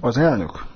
Az elnök!